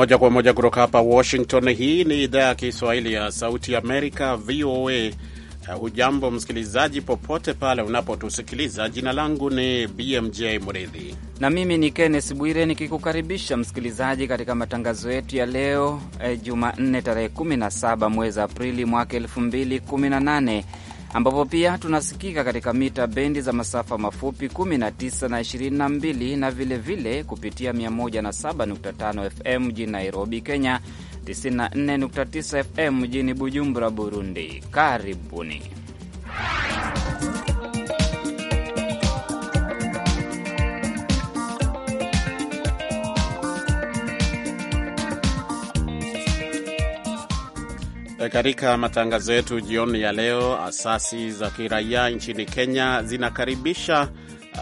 Moja kwa moja kutoka hapa Washington. Hii ni idhaa ya Kiswahili ya Sauti Amerika, VOA. Uh, hujambo uh, msikilizaji, popote pale unapotusikiliza. Jina langu ni BMJ Mridhi na mimi ni Kennes Bwire nikikukaribisha msikilizaji katika matangazo yetu ya leo eh, Jumanne tarehe 17 mwezi Aprili mwaka 2018 ambapo pia tunasikika katika mita bendi za masafa mafupi 19 na 22 na vilevile vile kupitia 107.5 FM mjini Nairobi, Kenya, 94.9 FM mjini Bujumbura, Burundi. Karibuni. E, katika matangazo yetu jioni ya leo, asasi za kiraia nchini Kenya zinakaribisha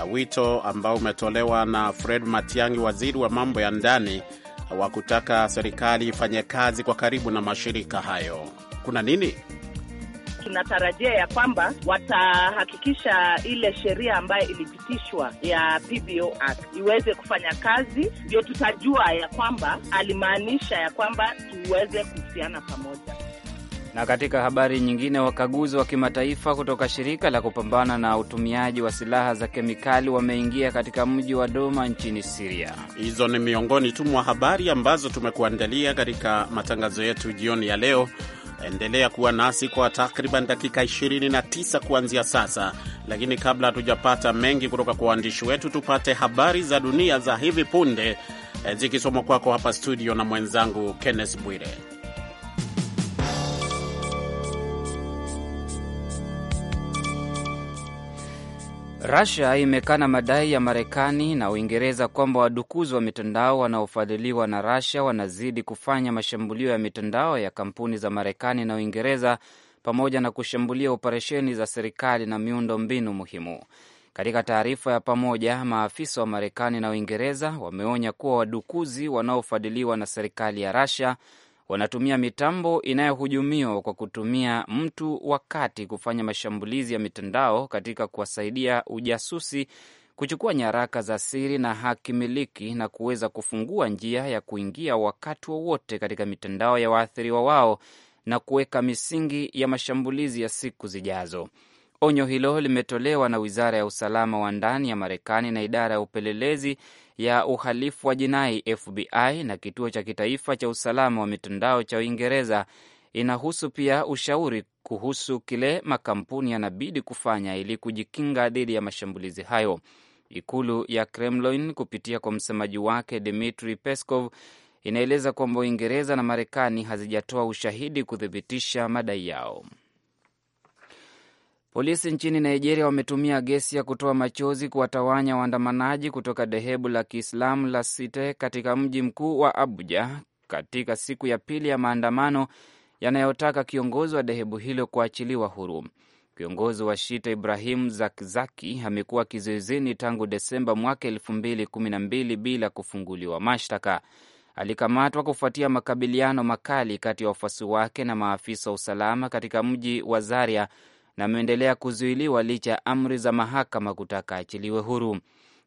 uh, wito ambao umetolewa na Fred Matiang'i, waziri wa mambo ya ndani wa kutaka serikali ifanye kazi kwa karibu na mashirika hayo. Kuna nini? Tunatarajia ya kwamba watahakikisha ile sheria ambayo ilipitishwa ya PBO Act iweze kufanya kazi, ndio tutajua ya kwamba alimaanisha ya kwamba tuweze kuhusiana pamoja. Na katika habari nyingine, wakaguzi wa kimataifa kutoka shirika la kupambana na utumiaji wa silaha za kemikali wameingia katika mji wa Doma nchini Siria. Hizo ni miongoni tu mwa habari ambazo tumekuandalia katika matangazo yetu jioni ya leo. Endelea kuwa nasi kwa takriban dakika 29 kuanzia sasa, lakini kabla hatujapata mengi kutoka kwa waandishi wetu, tupate habari za dunia za hivi punde eh, zikisomwa kwako hapa studio na mwenzangu Kenneth Bwire. Russia imekana madai ya Marekani na Uingereza kwamba wadukuzi wa mitandao wanaofadhiliwa na rasia wanazidi kufanya mashambulio ya mitandao ya kampuni za Marekani na Uingereza pamoja na kushambulia operesheni za serikali na miundo mbinu muhimu. Katika taarifa ya pamoja, maafisa wa Marekani na Uingereza wameonya kuwa wadukuzi wanaofadhiliwa na serikali ya rasia wanatumia mitambo inayohujumiwa kwa kutumia mtu wakati kufanya mashambulizi ya mitandao katika kuwasaidia ujasusi kuchukua nyaraka za siri na haki miliki na kuweza kufungua njia ya kuingia wakati wowote wa katika mitandao ya waathiriwa wao na kuweka misingi ya mashambulizi ya siku zijazo. Onyo hilo limetolewa na wizara ya usalama wa ndani ya Marekani na idara ya upelelezi ya uhalifu wa jinai FBI na kituo cha kitaifa cha usalama wa mitandao cha Uingereza. Inahusu pia ushauri kuhusu kile makampuni yanabidi kufanya ili kujikinga dhidi ya mashambulizi hayo. Ikulu ya Kremlin kupitia kwa msemaji wake Dmitri Peskov inaeleza kwamba Uingereza na Marekani hazijatoa ushahidi kuthibitisha madai yao. Polisi nchini Nigeria wametumia gesi ya kutoa machozi kuwatawanya waandamanaji kutoka dhehebu la Kiislamu la Site katika mji mkuu wa Abuja katika siku ya pili ya maandamano yanayotaka kiongozi wa dhehebu hilo kuachiliwa huru. Kiongozi wa shita Ibrahim Zakzaki amekuwa kizuizini tangu Desemba mwaka elfu mbili kumi na mbili bila kufunguliwa mashtaka. Alikamatwa kufuatia makabiliano makali kati ya wafuasi wake na maafisa wa usalama katika mji wa Zaria na ameendelea kuzuiliwa licha ya amri za mahakama kutaka achiliwe huru.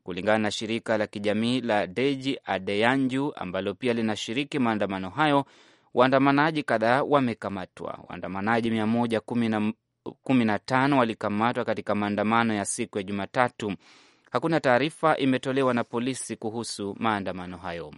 Kulingana na shirika la kijamii la Deji Adeyanju ambalo pia linashiriki maandamano hayo, waandamanaji kadhaa wamekamatwa. Waandamanaji 115 walikamatwa katika maandamano ya siku ya Jumatatu. Hakuna taarifa imetolewa na polisi kuhusu maandamano hayo.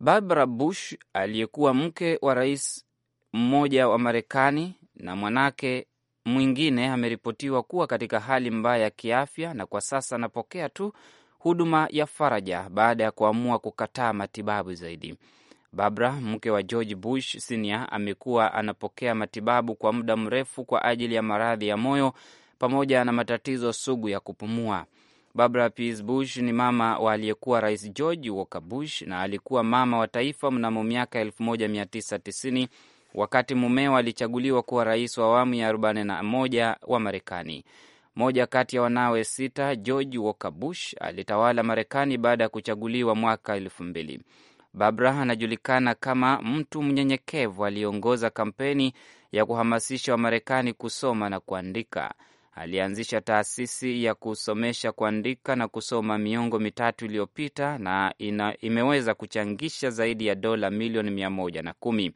Barbara Bush aliyekuwa mke wa rais mmoja wa Marekani na mwanake mwingine ameripotiwa kuwa katika hali mbaya ya kiafya na kwa sasa anapokea tu huduma ya faraja baada ya kuamua kukataa matibabu zaidi. Barbara, mke wa George Bush Senior, amekuwa anapokea matibabu kwa muda mrefu kwa ajili ya maradhi ya moyo pamoja na matatizo sugu ya kupumua. Barbara Pierce Bush ni mama wa aliyekuwa Rais George Walker Bush na alikuwa mama wa taifa mnamo miaka 1990 wakati mumeo alichaguliwa kuwa rais wa awamu ya 41 wa Marekani. Moja kati ya wanawe sita, George Walker Bush, alitawala Marekani baada ya kuchaguliwa mwaka elfu mbili. Babra anajulikana kama mtu mnyenyekevu aliyeongoza kampeni ya kuhamasisha Wamarekani kusoma na kuandika. Alianzisha taasisi ya kusomesha kuandika na kusoma miongo mitatu iliyopita na ina, imeweza kuchangisha zaidi ya dola milioni mia moja na kumi.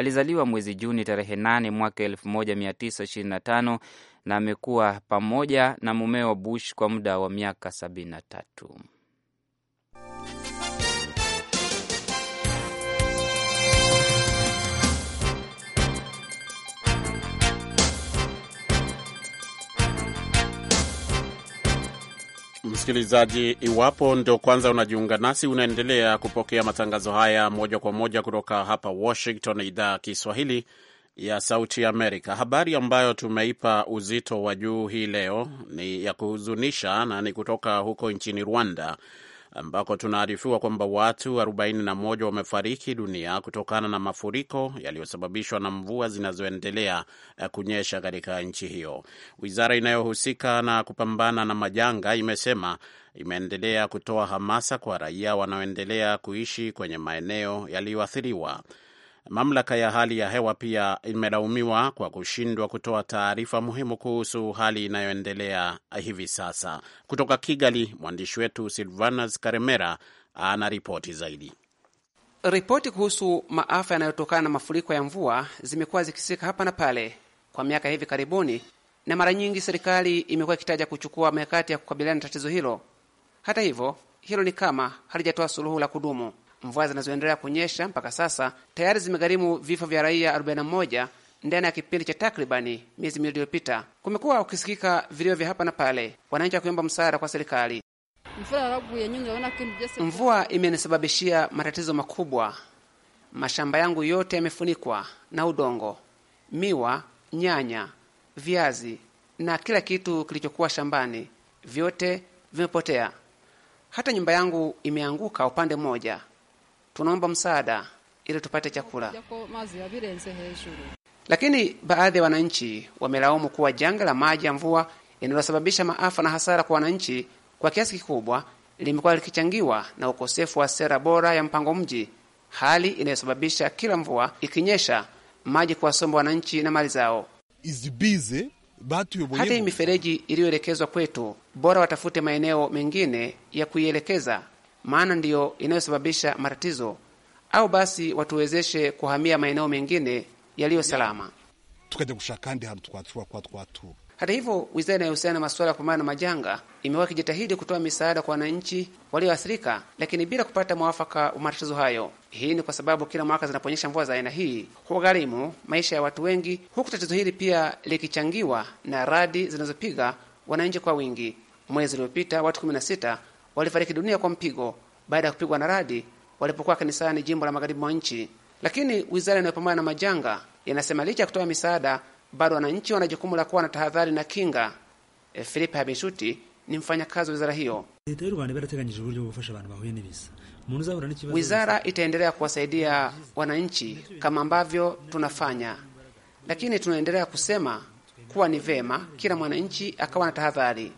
Alizaliwa mwezi Juni tarehe 8 mwaka 1925 na amekuwa pamoja na mumeo Bush kwa muda wa miaka 73. Msikilizaji, iwapo ndo kwanza unajiunga nasi, unaendelea kupokea matangazo haya moja kwa moja kutoka hapa Washington, idhaa ya Kiswahili ya Sauti Amerika. Habari ambayo tumeipa uzito wa juu hii leo ni ya kuhuzunisha na ni kutoka huko nchini Rwanda ambako tunaarifiwa kwamba watu 41 wamefariki dunia kutokana na mafuriko yaliyosababishwa na mvua zinazoendelea eh, kunyesha katika nchi hiyo. Wizara inayohusika na kupambana na majanga imesema imeendelea kutoa hamasa kwa raia wanaoendelea kuishi kwenye maeneo yaliyoathiriwa. Mamlaka ya hali ya hewa pia imelaumiwa kwa kushindwa kutoa taarifa muhimu kuhusu hali inayoendelea hivi sasa. Kutoka Kigali, mwandishi wetu Silvanas Karemera ana ripoti zaidi. Ripoti kuhusu maafa yanayotokana na mafuriko ya mvua zimekuwa zikisika hapa na pale kwa miaka hivi karibuni, na mara nyingi serikali imekuwa ikitaja kuchukua mikakati ya kukabiliana na tatizo hilo. Hata hivyo, hilo ni kama halijatoa suluhu la kudumu. Mvua zinazoendelea kunyesha mpaka sasa tayari zimegharimu vifo vya raia 41 ndani ya kipindi cha takribani miezi miwili iliyopita. Kumekuwa ukisikika vilio vya hapa na pale, wananchi wakiomba msaada kwa serikali. Mvua imenisababishia matatizo makubwa. Mashamba yangu yote yamefunikwa na udongo, miwa, nyanya, viazi na kila kitu kilichokuwa shambani vyote vimepotea. Hata nyumba yangu imeanguka upande mmoja tunaomba msaada ili tupate chakula. Lakini baadhi ya wananchi wamelaumu kuwa janga la maji ya mvua linalosababisha maafa na hasara kwa wananchi kwa kiasi kikubwa limekuwa likichangiwa na ukosefu wa sera bora ya mpango mji, hali inayosababisha kila mvua ikinyesha maji kuwasomba wananchi na mali zao. Hata hii mifereji iliyoelekezwa kwetu, bora watafute maeneo mengine ya kuielekeza maana ndiyo inayosababisha matatizo, au basi watuwezeshe kuhamia maeneo mengine yaliyo salama. Hata hivyo, wizara inayohusiana na masuala ya kupambana na majanga imekuwa ikijitahidi kutoa misaada kwa wananchi walioathirika, lakini bila kupata mwafaka wa matatizo hayo. Hii ni kwa sababu kila mwaka zinaponyesha mvua za aina hii hugharimu maisha ya watu wengi, huku tatizo hili pia likichangiwa na radi zinazopiga wananchi kwa wingi. Mwezi uliopita watu 16 walifariki dunia kwa mpigo baada ya kupigwa na radi walipokuwa kanisani jimbo la magharibi mwa nchi. Lakini wizara inayopambana na majanga inasema licha ya kutoa misaada, bado wananchi wana jukumu la kuwa na tahadhari na kinga. E, eh, Filipe Habishuti ni mfanyakazi wa wizara hiyo. Wizara itaendelea kuwasaidia wananchi kama ambavyo tunafanya, lakini tunaendelea kusema kuwa ni vema kila mwananchi akawa na tahadhari.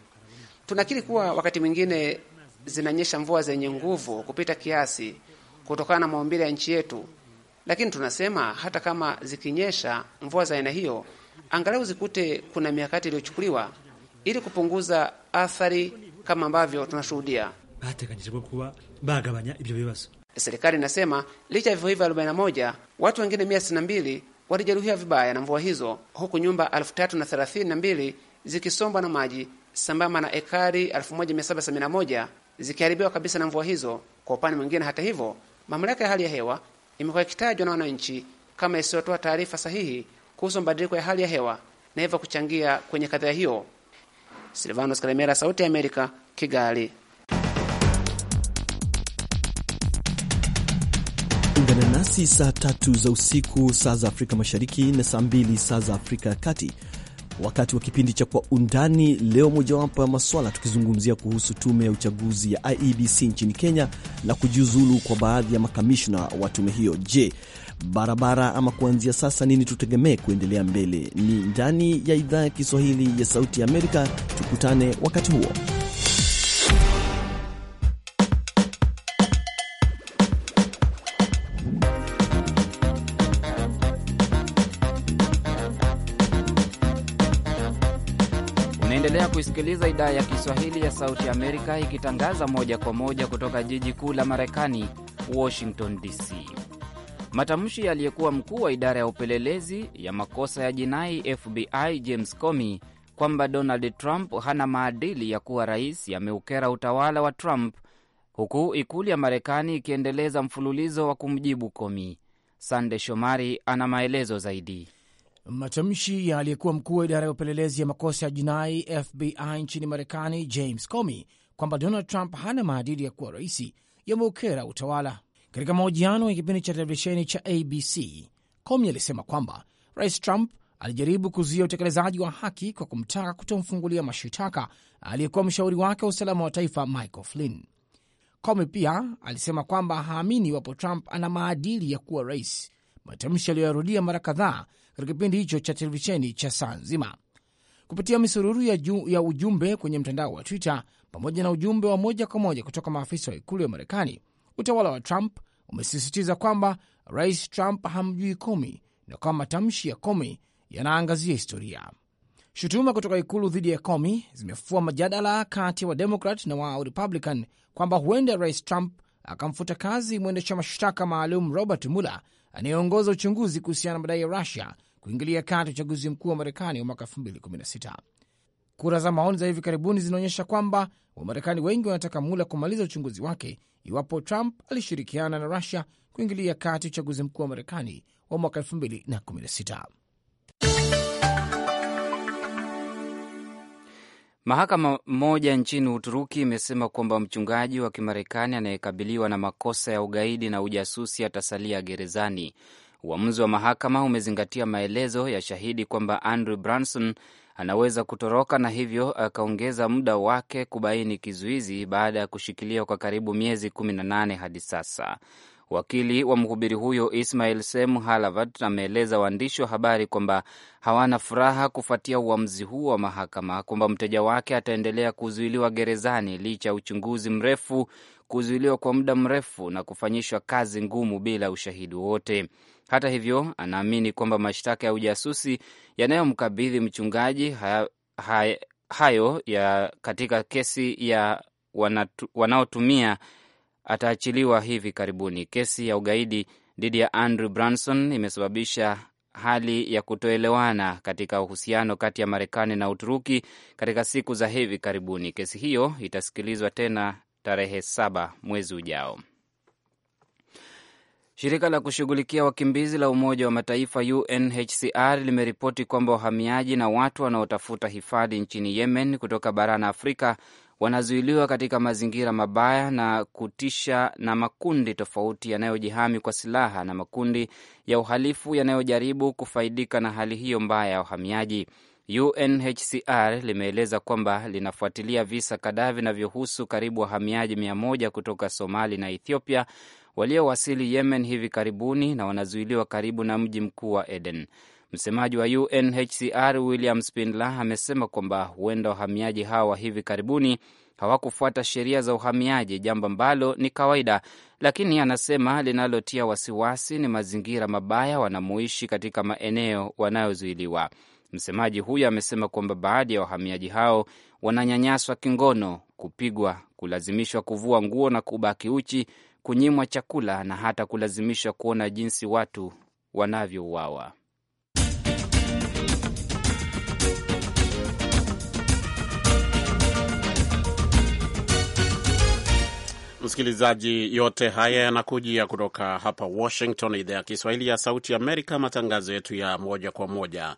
Tunakiri kuwa wakati mwingine zinanyesha mvua zenye nguvu kupita kiasi kutokana na maumbile ya nchi yetu, lakini tunasema hata kama zikinyesha mvua za aina hiyo, angalau zikute kuna mikakati iliyochukuliwa ili kupunguza athari kama ambavyo tunashuhudia. Serikali inasema licha ya vifo hivyo 41 watu wengine 162 walijeruhiwa vibaya na mvua hizo, huku nyumba 3032 zikisombwa na maji sambamba na ekari 1771 zikiharibiwa kabisa na mvua hizo. Kwa upande mwingine, hata hivyo, mamlaka ya hali ya hewa imekuwa ikitajwa na wananchi kama isiyotoa taarifa sahihi kuhusu mabadiliko ya hali ya hewa na hivyo kuchangia kwenye kadhia hiyo. Silvanos Kalemera, Sauti ya Amerika, Kigali. Ungana nasi saa tatu za usiku saa za Afrika Mashariki na saa mbili saa za Afrika ya Kati wakati wa kipindi cha Kwa Undani leo, mojawapo ya maswala tukizungumzia kuhusu tume ya uchaguzi ya IEBC nchini Kenya na kujiuzulu kwa baadhi ya makamishna wa tume hiyo. Je, barabara ama kuanzia sasa nini tutegemee kuendelea mbele? Ni ndani ya idhaa ya Kiswahili ya Sauti ya Amerika. Tukutane wakati huo. kuisikiliza idhaa ya Kiswahili ya Sauti Amerika ikitangaza moja kwa moja kutoka jiji kuu la Marekani, Washington DC. Matamshi aliyekuwa mkuu wa idara ya upelelezi ya makosa ya jinai FBI James Comey kwamba Donald Trump hana maadili ya kuwa rais yameukera utawala wa Trump, huku ikulu ya Marekani ikiendeleza mfululizo wa kumjibu Comey. Sande Shomari ana maelezo zaidi. Matamshi ya aliyekuwa mkuu wa idara ya upelelezi ya makosa ya jinai FBI nchini Marekani, James Comey, kwamba Donald Trump hana maadili ya kuwa raisi yameukera utawala. Katika mahojiano ya kipindi cha televisheni cha ABC, Comey alisema kwamba Rais Trump alijaribu kuzuia utekelezaji wa haki kwa kumtaka kutomfungulia mashitaka aliyekuwa mshauri wake wa usalama wa taifa Michael Flynn. Comey pia alisema kwamba haamini iwapo Trump ana maadili ya kuwa rais, matamshi aliyoyarudia mara kadhaa katika kipindi hicho cha televisheni cha saa nzima kupitia misururu ya, ju, ya ujumbe kwenye mtandao wa Twitter pamoja na ujumbe wa moja kwa moja kutoka maafisa wa ikulu ya Marekani. Utawala wa Trump umesisitiza kwamba Rais Trump hamjui Comey na kwamba matamshi ya Comey yanaangazia historia. Shutuma kutoka ikulu dhidi ya Komi zimefua majadala kati ya Wademokrat na wa Republican kwamba huenda Rais Trump akamfuta kazi mwendesha mashtaka maalum Robert Mueller anayeongoza uchunguzi kuhusiana na madai ya Rusia kuingilia kati uchaguzi mkuu wa Marekani wa mwaka 2016. Kura za maoni za hivi karibuni zinaonyesha kwamba Wamarekani wengi wanataka Mula kumaliza uchunguzi wake iwapo Trump alishirikiana na Rusia kuingilia kati uchaguzi mkuu wa Marekani wa mwaka 2016. Mahakama moja nchini Uturuki imesema kwamba mchungaji wa Kimarekani anayekabiliwa na makosa ya ugaidi na ujasusi atasalia gerezani. Uamuzi wa mahakama umezingatia maelezo ya shahidi kwamba Andrew Branson anaweza kutoroka na hivyo akaongeza muda wake kubaini kizuizi baada ya kushikiliwa kwa karibu miezi 18 hadi sasa. Wakili wa mhubiri huyo Ismail Sem Halavat ameeleza waandishi wa habari kwamba hawana furaha kufuatia uamuzi huo wa mahakama kwamba mteja wake ataendelea kuzuiliwa gerezani licha ya uchunguzi mrefu, kuzuiliwa kwa muda mrefu na kufanyishwa kazi ngumu bila ushahidi wowote. Hata hivyo, anaamini kwamba mashtaka ya ujasusi yanayomkabidhi mchungaji haya, haya, hayo ya katika kesi ya wanaotumia ataachiliwa hivi karibuni. Kesi ya ugaidi dhidi ya Andrew Branson imesababisha hali ya kutoelewana katika uhusiano kati ya Marekani na Uturuki katika siku za hivi karibuni. Kesi hiyo itasikilizwa tena tarehe saba mwezi ujao. Shirika la kushughulikia wakimbizi la Umoja wa Mataifa UNHCR limeripoti kwamba wahamiaji na watu wanaotafuta hifadhi nchini Yemen kutoka barani Afrika wanazuiliwa katika mazingira mabaya na kutisha na makundi tofauti yanayojihami kwa silaha na makundi ya uhalifu yanayojaribu kufaidika na hali hiyo mbaya ya uhamiaji. UNHCR limeeleza kwamba linafuatilia visa kadhaa vinavyohusu karibu wahamiaji mia moja kutoka Somali na Ethiopia waliowasili Yemen hivi karibuni na wanazuiliwa karibu na mji mkuu wa Aden. Msemaji wa UNHCR William Spindler amesema kwamba huenda wahamiaji hawa wa hivi karibuni hawakufuata sheria za uhamiaji, jambo ambalo ni kawaida, lakini anasema linalotia wasiwasi ni mazingira mabaya wanamoishi katika maeneo wanayozuiliwa. Msemaji huyo amesema kwamba baadhi ya wahamiaji hao wananyanyaswa kingono, kupigwa, kulazimishwa kuvua nguo na kubaki uchi, kunyimwa chakula na hata kulazimishwa kuona jinsi watu wanavyouawa. Msikilizaji, yote haya yanakujia kutoka hapa Washington, idhaa ya Kiswahili ya Sauti ya Amerika, matangazo yetu ya moja kwa moja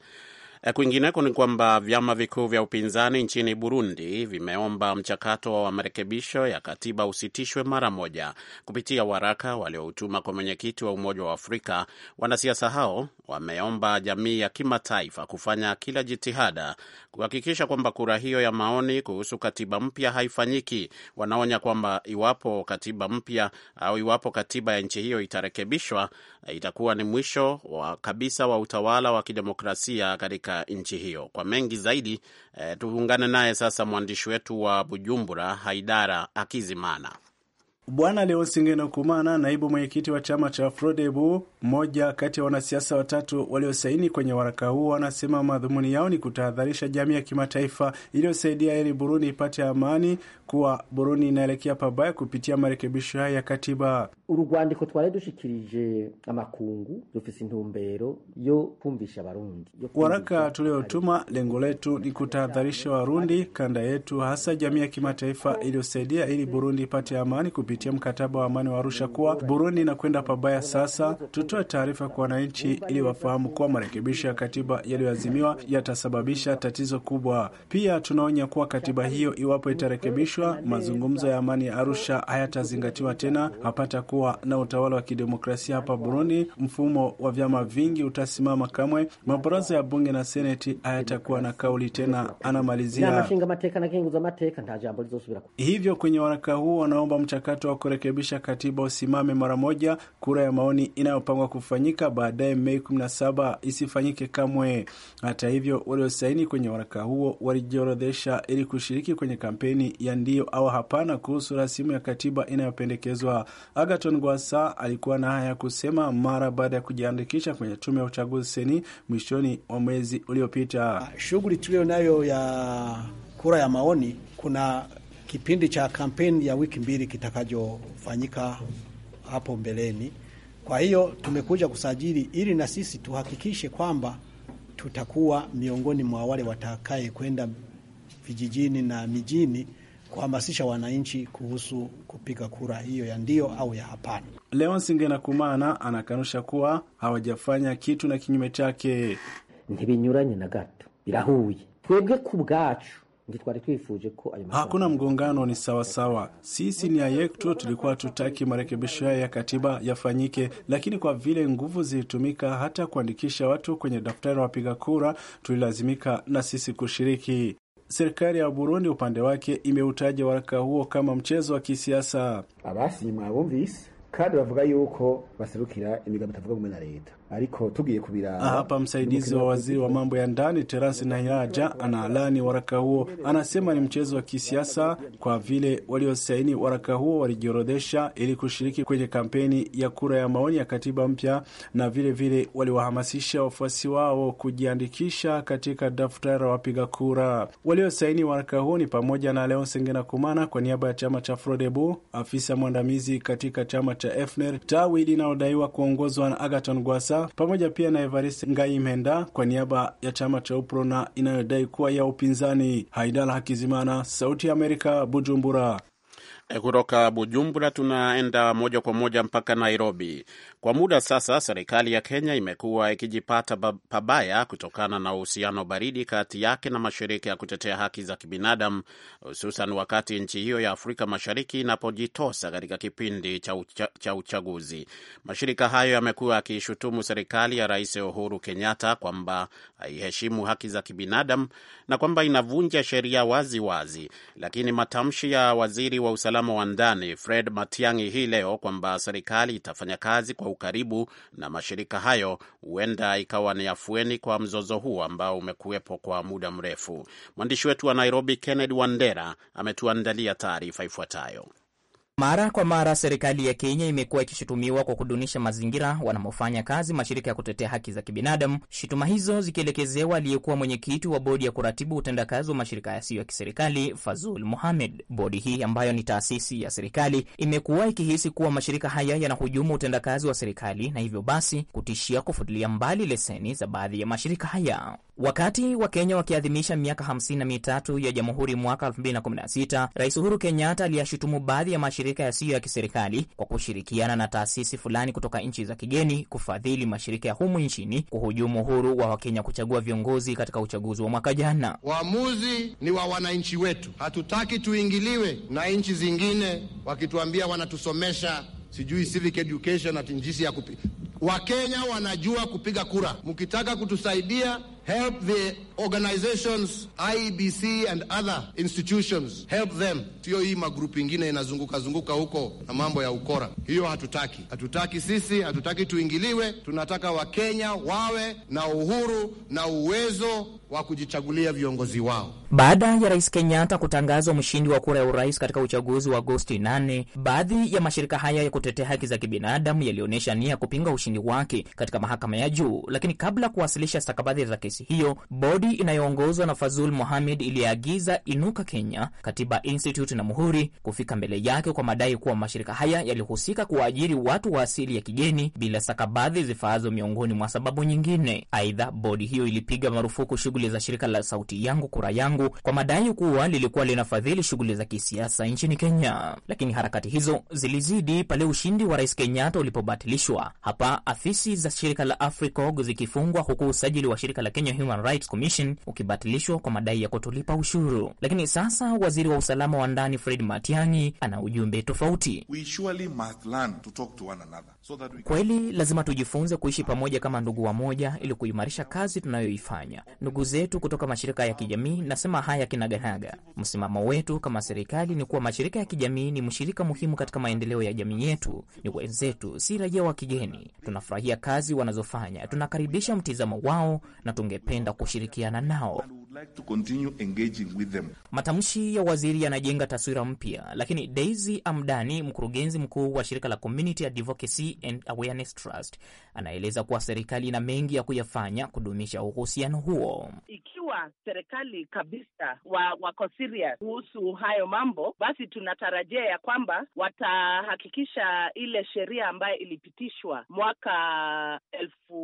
Eh, kwingineko ni kwamba vyama vikuu vya upinzani nchini Burundi vimeomba mchakato wa marekebisho ya katiba usitishwe mara moja. Kupitia waraka walioutuma kwa mwenyekiti wa Umoja wa Afrika, wanasiasa hao wameomba jamii ya kimataifa kufanya kila jitihada kuhakikisha kwamba kura hiyo ya maoni kuhusu katiba mpya haifanyiki. Wanaonya kwamba iwapo katiba mpya au iwapo katiba ya nchi hiyo itarekebishwa, itakuwa ni mwisho wa kabisa wa utawala wa kidemokrasia katika nchi hiyo. Kwa mengi zaidi eh, tuungane naye sasa mwandishi wetu wa Bujumbura, Haidara Akizimana. Bwana Leosinge Nokumana, naibu mwenyekiti wa chama cha Frodebu, mmoja kati ya wanasiasa watatu waliosaini kwenye waraka huo, anasema madhumuni yao ni kutahadharisha jamii ya kimataifa iliyosaidia ili Burundi ipate amani kuwa Burundi inaelekea pabaya kupitia marekebisho haya ya katiba. urugwandiko twari dushikirije amakungu dufise intumbero yo kumvisha Barundi. Waraka tuliotuma lengo letu ni kutahadharisha Warundi kanda yetu, hasa jamii ya kimataifa iliyosaidia ili Burundi ipate amani kupitia kupitia mkataba wa amani wa Arusha kuwa Burundi inakwenda pabaya. Sasa tutoe taarifa kwa wananchi ili wafahamu kuwa marekebisho ya katiba yaliyoazimiwa yatasababisha tatizo kubwa. Pia tunaonya kuwa katiba hiyo, iwapo itarekebishwa, mazungumzo ya amani ya Arusha hayatazingatiwa tena, hapata kuwa na utawala wa kidemokrasia hapa Burundi, mfumo wa vyama vingi utasimama kamwe, mabaraza ya bunge na seneti hayatakuwa na kauli tena, anamalizia hivyo. Kwenye waraka huu wanaomba mchakato wa kurekebisha katiba usimame mara moja. Kura ya maoni inayopangwa kufanyika baadaye Mei 17 isifanyike kamwe. Hata hivyo, waliosaini kwenye waraka huo walijiorodhesha ili kushiriki kwenye kampeni ya ndio au hapana kuhusu rasimu ya katiba inayopendekezwa. Agaton Gwasa alikuwa na haya ya kusema mara baada ya kujiandikisha kwenye tume ya uchaguzi seni mwishoni mwa mwezi uliopita. Shughuli tuliyo nayo ya kura ya maoni kuna kipindi cha kampeni ya wiki mbili kitakachofanyika hapo mbeleni. Kwa hiyo tumekuja kusajili ili na sisi tuhakikishe kwamba tutakuwa miongoni mwa wale watakaye kwenda vijijini na mijini kuhamasisha wananchi kuhusu kupiga kura hiyo ya ndio au ya hapana. Leonce Kumana anakanusha kuwa hawajafanya kitu na kinyume chake. ntibinyuranye na gato birahuye twebwe kubwacu Hakuna mgongano, ni sawasawa. Sisi ni ayekto tulikuwa tutaki marekebisho ya katiba yafanyike, lakini kwa vile nguvu zilitumika hata kuandikisha watu kwenye daftari wapiga kura, tulilazimika na sisi kushiriki. Serikali ya Burundi upande wake imeutaja waraka huo kama mchezo wa kisiasa. abasi bumvise kandi bavuga yuko baserukira imigambo itavuga kumwe na leta Aliko tugiye kubira. Ah, hapa msaidizi wa waziri wa mambo ya ndani Terasi Nairaja anaalani waraka huo, anasema ni mchezo wa kisiasa kwa vile waliosaini waraka huo walijiorodhesha ili kushiriki kwenye kampeni ya kura ya maoni ya katiba mpya, na vile vile waliwahamasisha wafuasi wao kujiandikisha katika daftari la wapiga kura. Waliosaini waraka huo ni pamoja na Leon Sengena Kumana kwa niaba ya chama cha Frodebu, afisa mwandamizi katika chama cha Efner tawi linalodaiwa kuongozwa na Agaton Gwasa kabisa, pamoja pia na Evariste Ngaimenda kwa niaba ya chama cha UPRONA inayodai kuwa ya upinzani. Haidala Hakizimana, Sauti ya Amerika, Bujumbura. Eh, kutoka Bujumbura tunaenda moja kwa moja mpaka Nairobi. Kwa muda sasa, serikali ya Kenya imekuwa ikijipata pabaya kutokana na uhusiano baridi kati yake na mashirika ya kutetea haki za kibinadamu, hususan wakati nchi hiyo ya Afrika Mashariki inapojitosa katika kipindi cha, ucha, cha uchaguzi. Mashirika hayo yamekuwa akiishutumu serikali ya Rais Uhuru Kenyatta kwamba haiheshimu haki za kibinadamu na kwamba inavunja sheria wazi wazi, lakini matamshi ya waziri wa usalama usalama wa ndani Fred Matiang'i hii leo kwamba serikali itafanya kazi kwa ukaribu na mashirika hayo, huenda ikawa ni afueni kwa mzozo huu ambao umekuwepo kwa muda mrefu. Mwandishi wetu wa Nairobi Kennedy Wandera ametuandalia taarifa ifuatayo. Mara kwa mara serikali ya Kenya imekuwa ikishutumiwa kwa kudunisha mazingira wanamofanya kazi mashirika ya kutetea haki za kibinadamu, shutuma hizo zikielekezewa aliyekuwa mwenyekiti wa bodi ya kuratibu utendakazi wa mashirika yasiyo ya kiserikali Fazul Muhamed. Bodi hii ambayo ni taasisi ya serikali imekuwa ikihisi kuwa mashirika haya yanahujumu utendakazi wa serikali na hivyo basi kutishia kufutilia mbali leseni za baadhi ya mashirika haya. Wakati wa Kenya wakiadhimisha miaka 53 mitatu ya jamhuri mwaka 2016, Rais Uhuru Kenyatta aliyashutumu baadhi ya mashirika yasiyo ya kiserikali kwa kushirikiana na taasisi fulani kutoka nchi za kigeni kufadhili mashirika ya humu nchini kuhujumu uhuru wa Wakenya kuchagua viongozi katika uchaguzi wa mwaka jana. Waamuzi ni wa wananchi wetu, hatutaki tuingiliwe na nchi zingine wakituambia wanatusomesha sijui civic education jinsi ya kupi. Wakenya wanajua kupiga kura, mkitaka kutusaidia help the organizations IBC and other institutions help them. Sio hii magrupu ingine inazunguka zunguka huko na mambo ya ukora, hiyo hatutaki. Hatutaki sisi, hatutaki tuingiliwe. Tunataka Wakenya wawe na uhuru na uwezo wa kujichagulia viongozi wao. Baada ya Rais Kenyatta kutangazwa mshindi wa kura ya urais katika uchaguzi wa Agosti 8, baadhi ya mashirika haya ya kutetea haki za kibinadamu yalionyesha nia ya kupinga ushindi wake katika mahakama ya juu, lakini kabla kuwasilisha stakabadhi za kesi hiyo, bodi inayoongozwa na Fazul Mohamed iliagiza Inuka Kenya, Katiba Institute na Muhuri kufika mbele yake kwa madai kuwa mashirika haya yalihusika kuwaajiri watu wa asili ya kigeni bila sakabadhi zifaazo, miongoni mwa sababu nyingine. Aidha, bodi hiyo ilipiga marufuku shughuli za shirika la Sauti Yangu Kura Yangu kwa madai kuwa lilikuwa linafadhili shughuli za kisiasa nchini Kenya. Lakini harakati hizo zilizidi pale ushindi wa Rais Kenyatta ulipobatilishwa, hapa afisi za shirika la Africog zikifungwa huku usajili wa shirika la Kenya Kenya Human Rights Commission ukibatilishwa kwa madai ya kutolipa ushuru. Lakini sasa waziri wa usalama wa ndani Fred Matiang'i ana ujumbe tofauti. So can... Kweli lazima tujifunze kuishi pamoja kama ndugu wamoja ili kuimarisha kazi tunayoifanya. Ndugu zetu kutoka mashirika ya kijamii, nasema haya kinaganaga. Msimamo wetu kama serikali ni kuwa mashirika ya kijamii ni mshirika muhimu katika maendeleo ya jamii yetu, ni wenzetu, si raia wa kigeni. Tunafurahia kazi wanazofanya, tunakaribisha mtizamo wao na tunge ningependa kushirikiana nao like to continue engaging with them. Matamshi ya waziri yanajenga taswira mpya, lakini Daisy Amdani, mkurugenzi mkuu wa shirika la Community Advocacy and Awareness Trust, anaeleza kuwa serikali ina mengi ya kuyafanya kudumisha uhusiano huo. Ikiwa serikali kabisa wa wako serious kuhusu hayo mambo, basi tunatarajia ya kwamba watahakikisha ile sheria ambayo ilipitishwa mwaka elfu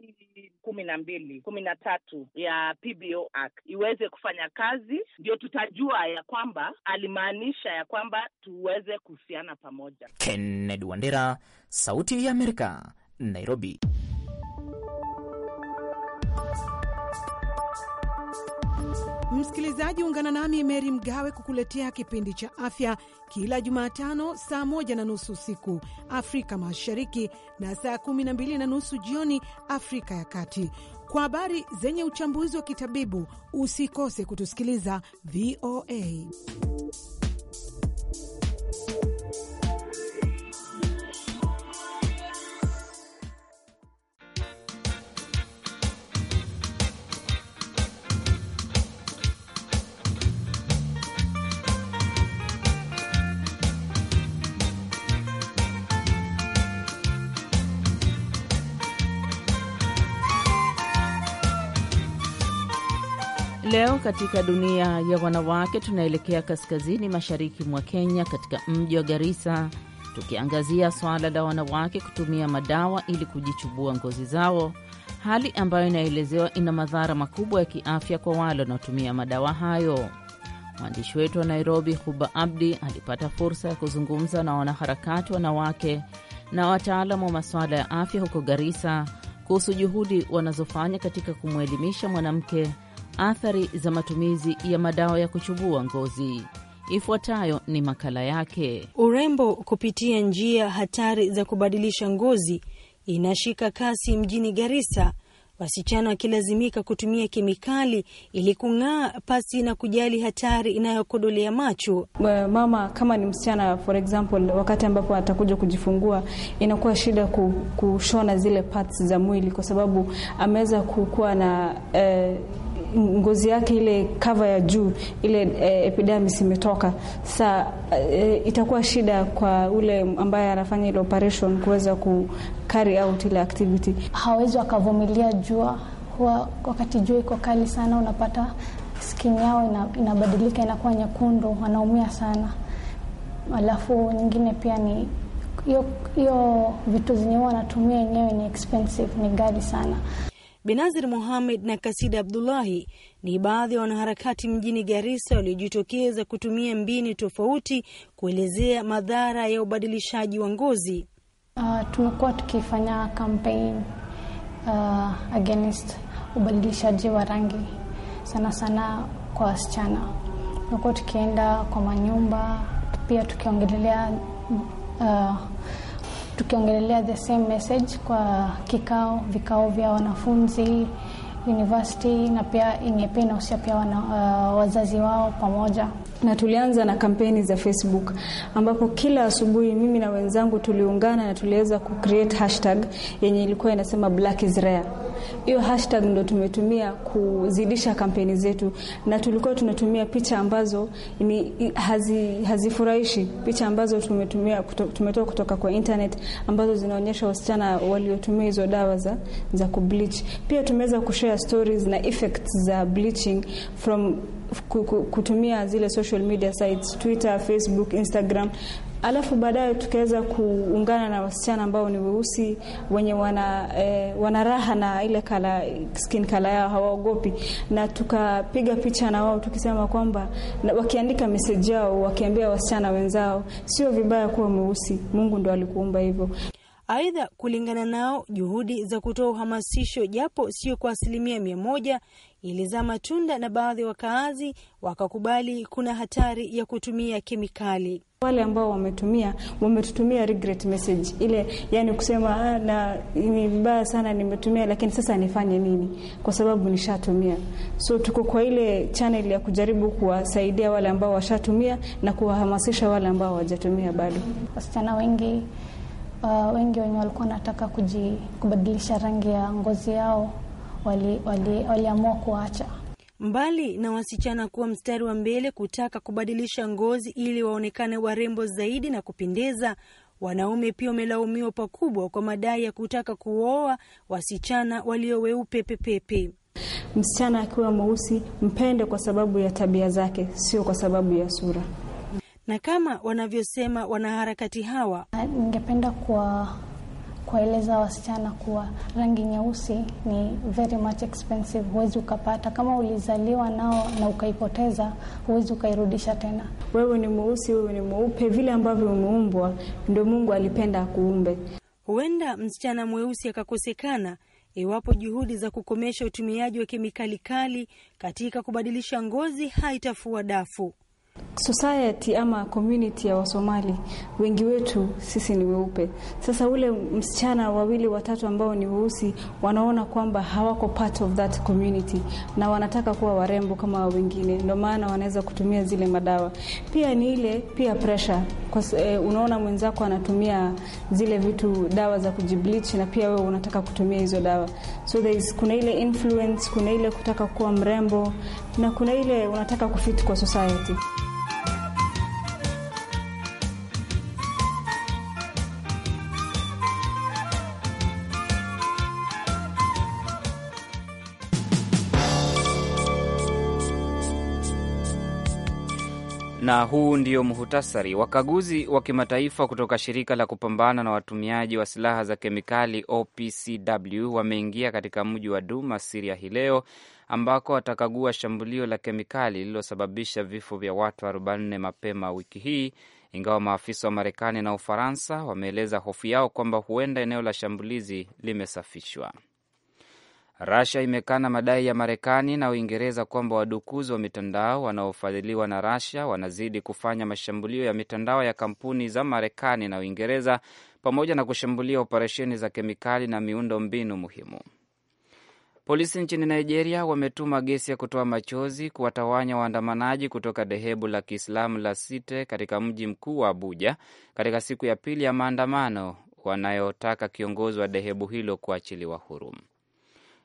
mbili kumi na mbili kumi na tatu ya PBO Act iweze kufanya kazi, ndio tutajua ya kwamba alimaanisha ya kwamba tuweze kuhusiana pamoja. Kennedy Wandera, Sauti ya Amerika, Nairobi. Msikilizaji, ungana nami Meri Mgawe kukuletea kipindi cha afya kila Jumatano saa moja na nusu usiku Afrika Mashariki na saa kumi na mbili na nusu jioni Afrika ya Kati. Kwa habari zenye uchambuzi wa kitabibu usikose kutusikiliza VOA. leo katika dunia ya wanawake, tunaelekea kaskazini mashariki mwa Kenya, katika mji wa Garissa, tukiangazia swala la wanawake kutumia madawa ili kujichubua ngozi zao, hali ambayo inaelezewa ina madhara makubwa ya kiafya kwa wale wanaotumia madawa hayo. Mwandishi wetu wa Nairobi, Huba Abdi, alipata fursa ya kuzungumza na wanaharakati wanawake na wataalamu wa masuala ya afya huko Garissa kuhusu juhudi wanazofanya katika kumwelimisha mwanamke athari za matumizi ya madawa ya kuchubua ngozi. Ifuatayo ni makala yake. Urembo kupitia njia hatari za kubadilisha ngozi inashika kasi mjini Garissa, wasichana wakilazimika kutumia kemikali ili kung'aa pasi na kujali hatari inayokodolea macho. Mama kama ni msichana, for example, wakati ambapo atakuja kujifungua, inakuwa shida kushona zile parts za mwili kwa sababu ameweza kukuwa na eh, ngozi yake ile kava ya juu ile e, epidermis imetoka. Sa e, itakuwa shida kwa ule ambaye anafanya ile operation kuweza ku carry out ile activity. Hawezi wakavumilia jua, huwa wakati jua iko kali sana, unapata skin yao ina, inabadilika inakuwa nyekundu, wanaumia sana. Alafu nyingine pia ni hiyo vitu zenye wanatumia wenyewe ni expensive, ni ghali sana. Benazir Mohamed na Kasida Abdullahi ni baadhi ya wanaharakati mjini Garissa waliojitokeza kutumia mbini tofauti kuelezea madhara ya ubadilishaji wa ngozi. Uh, tumekuwa tukifanya kampeni uh, ah, against ubadilishaji wa rangi sana sana kwa wasichana. Tumekuwa tukienda kwa manyumba pia tukiongelelea uh, tukiongelelea the same message kwa kikao vikao vya wanafunzi university na pia ingepia inahusia pia wana, uh, wazazi wao pamoja na tulianza na kampeni za Facebook ambapo kila asubuhi mimi na wenzangu tuliungana na tuliweza kucreate hashtag yenye ilikuwa inasema Black is Rare hiyo hashtag ndo tumetumia kuzidisha kampeni zetu, na tulikuwa tunatumia picha ambazo ni hazi, hazifurahishi, picha ambazo tumetumia kuto, tumetoa kutoka kwa internet ambazo zinaonyesha wasichana waliotumia hizo dawa za, za kubleach. Pia tumeweza kushare stories na effects za bleaching from kutumia zile social media sites Twitter, Facebook, Instagram alafu baadaye tukaweza kuungana na wasichana ambao ni weusi wenye wana, eh, wana raha na ile kala, skin kala yao hawaogopi, na tukapiga picha na wao tukisema kwamba wakiandika meseji yao wakiambia wasichana wenzao sio vibaya kuwa mweusi, Mungu ndo alikuumba hivyo. Aidha, kulingana nao, juhudi za kutoa uhamasisho japo sio kwa asilimia mia moja ilizaa matunda na baadhi ya wakaazi wakakubali kuna hatari ya kutumia kemikali. Wale ambao wametumia wametutumia regret message ile, yani kusema ah, na ni mbaya sana nimetumia, lakini sasa nifanye nini? Kwa sababu nishatumia. So tuko kwa ile channel ya kujaribu kuwasaidia wale ambao washatumia na kuwahamasisha wale ambao hawajatumia bado. Wasichana wengi uh, wengi wenye walikuwa wanataka kubadilisha rangi ya ngozi yao waliamua wali, wali kuacha. Mbali na wasichana kuwa mstari wa mbele kutaka kubadilisha ngozi ili waonekane warembo zaidi na kupendeza, wanaume pia wamelaumiwa pakubwa kwa madai ya kutaka kuoa wasichana walio weupe pepepe. Msichana akiwa mweusi mpende kwa sababu ya tabia zake, sio kwa sababu ya sura. Na kama wanavyosema wanaharakati hawa, ningependa kwa kuwaeleza wasichana kuwa rangi nyeusi ni very much expensive, huwezi ukapata. Kama ulizaliwa nao na ukaipoteza, huwezi ukairudisha tena. Wewe ni mweusi, wewe ni mweupe, vile ambavyo umeumbwa ndio Mungu alipenda akuumbe. Huenda msichana mweusi akakosekana iwapo juhudi za kukomesha utumiaji wa kemikali kali katika kubadilisha ngozi haitafua dafu society ama community ya Wasomali wengi wetu sisi ni weupe. Sasa ule msichana wawili watatu ambao ni weusi wanaona kwamba hawako part of that community na wanataka kuwa warembo kama wengine, ndio maana wanaweza kutumia zile madawa. Pia ni ile pia pressure kwa, e, unaona mwenzako anatumia zile vitu dawa za kujibleach na pia wewe unataka kutumia hizo dawa, so there is, kuna ile influence, kuna ile kutaka kuwa mrembo na kuna ile unataka kufit kwa society. Na huu ndio muhutasari. Wakaguzi wa kimataifa kutoka shirika la kupambana na watumiaji wa silaha za kemikali OPCW wameingia katika mji wa Duma, Siria hii leo ambako watakagua shambulio la kemikali lililosababisha vifo vya watu 44 mapema wiki hii, ingawa maafisa wa Marekani na Ufaransa wameeleza hofu yao kwamba huenda eneo la shambulizi limesafishwa. Rasia imekana madai ya Marekani na Uingereza kwamba wadukuzi wa mitandao wanaofadhiliwa na Rasia wanazidi kufanya mashambulio ya mitandao ya kampuni za Marekani na Uingereza pamoja na kushambulia operesheni za kemikali na miundo mbinu muhimu. Polisi nchini Nigeria wametuma gesi ya kutoa machozi kuwatawanya waandamanaji kutoka dhehebu la Kiislamu la Site katika mji mkuu wa Abuja katika siku ya pili ya maandamano wanayotaka kiongozi wa dhehebu hilo kuachiliwa huru.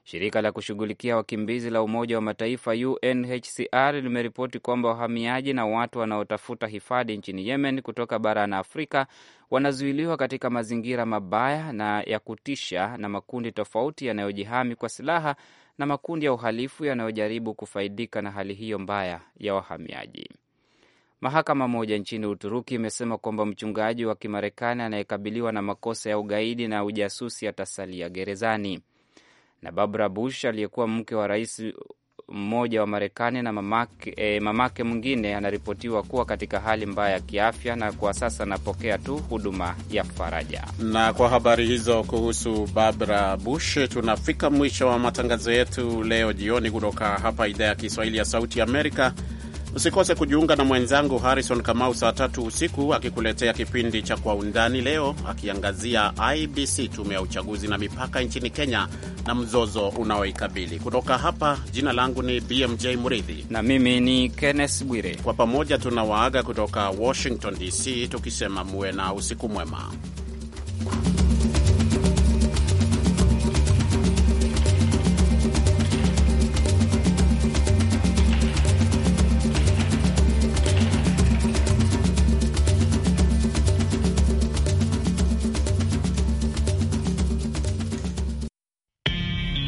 Shirika la kushughulikia wakimbizi la Umoja wa Mataifa UNHCR limeripoti kwamba wahamiaji na watu wanaotafuta hifadhi nchini Yemen kutoka barani Afrika wanazuiliwa katika mazingira mabaya na ya kutisha na makundi tofauti yanayojihami kwa silaha na makundi ya uhalifu yanayojaribu kufaidika na hali hiyo mbaya ya wahamiaji. Mahakama moja nchini Uturuki imesema kwamba mchungaji wa Kimarekani anayekabiliwa na makosa ya ugaidi na ujasusi atasalia gerezani na Barbara Bush aliyekuwa mke wa rais mmoja wa Marekani na mamake, e, mamake mwingine anaripotiwa kuwa katika hali mbaya ya kiafya na kwa sasa anapokea tu huduma ya faraja. Na kwa habari hizo kuhusu Barbara Bush, tunafika mwisho wa matangazo yetu leo jioni kutoka hapa idhaa ya Kiswahili ya Sauti Amerika. Usikose kujiunga na mwenzangu Harrison Kamau saa tatu usiku akikuletea kipindi cha Kwa Undani, leo akiangazia IBC, tume ya uchaguzi na mipaka nchini Kenya na mzozo unaoikabili. Kutoka hapa, jina langu ni BMJ mridhi na mimi ni Kenneth Bwire. Kwa pamoja tunawaaga kutoka Washington DC tukisema muwe na usiku mwema.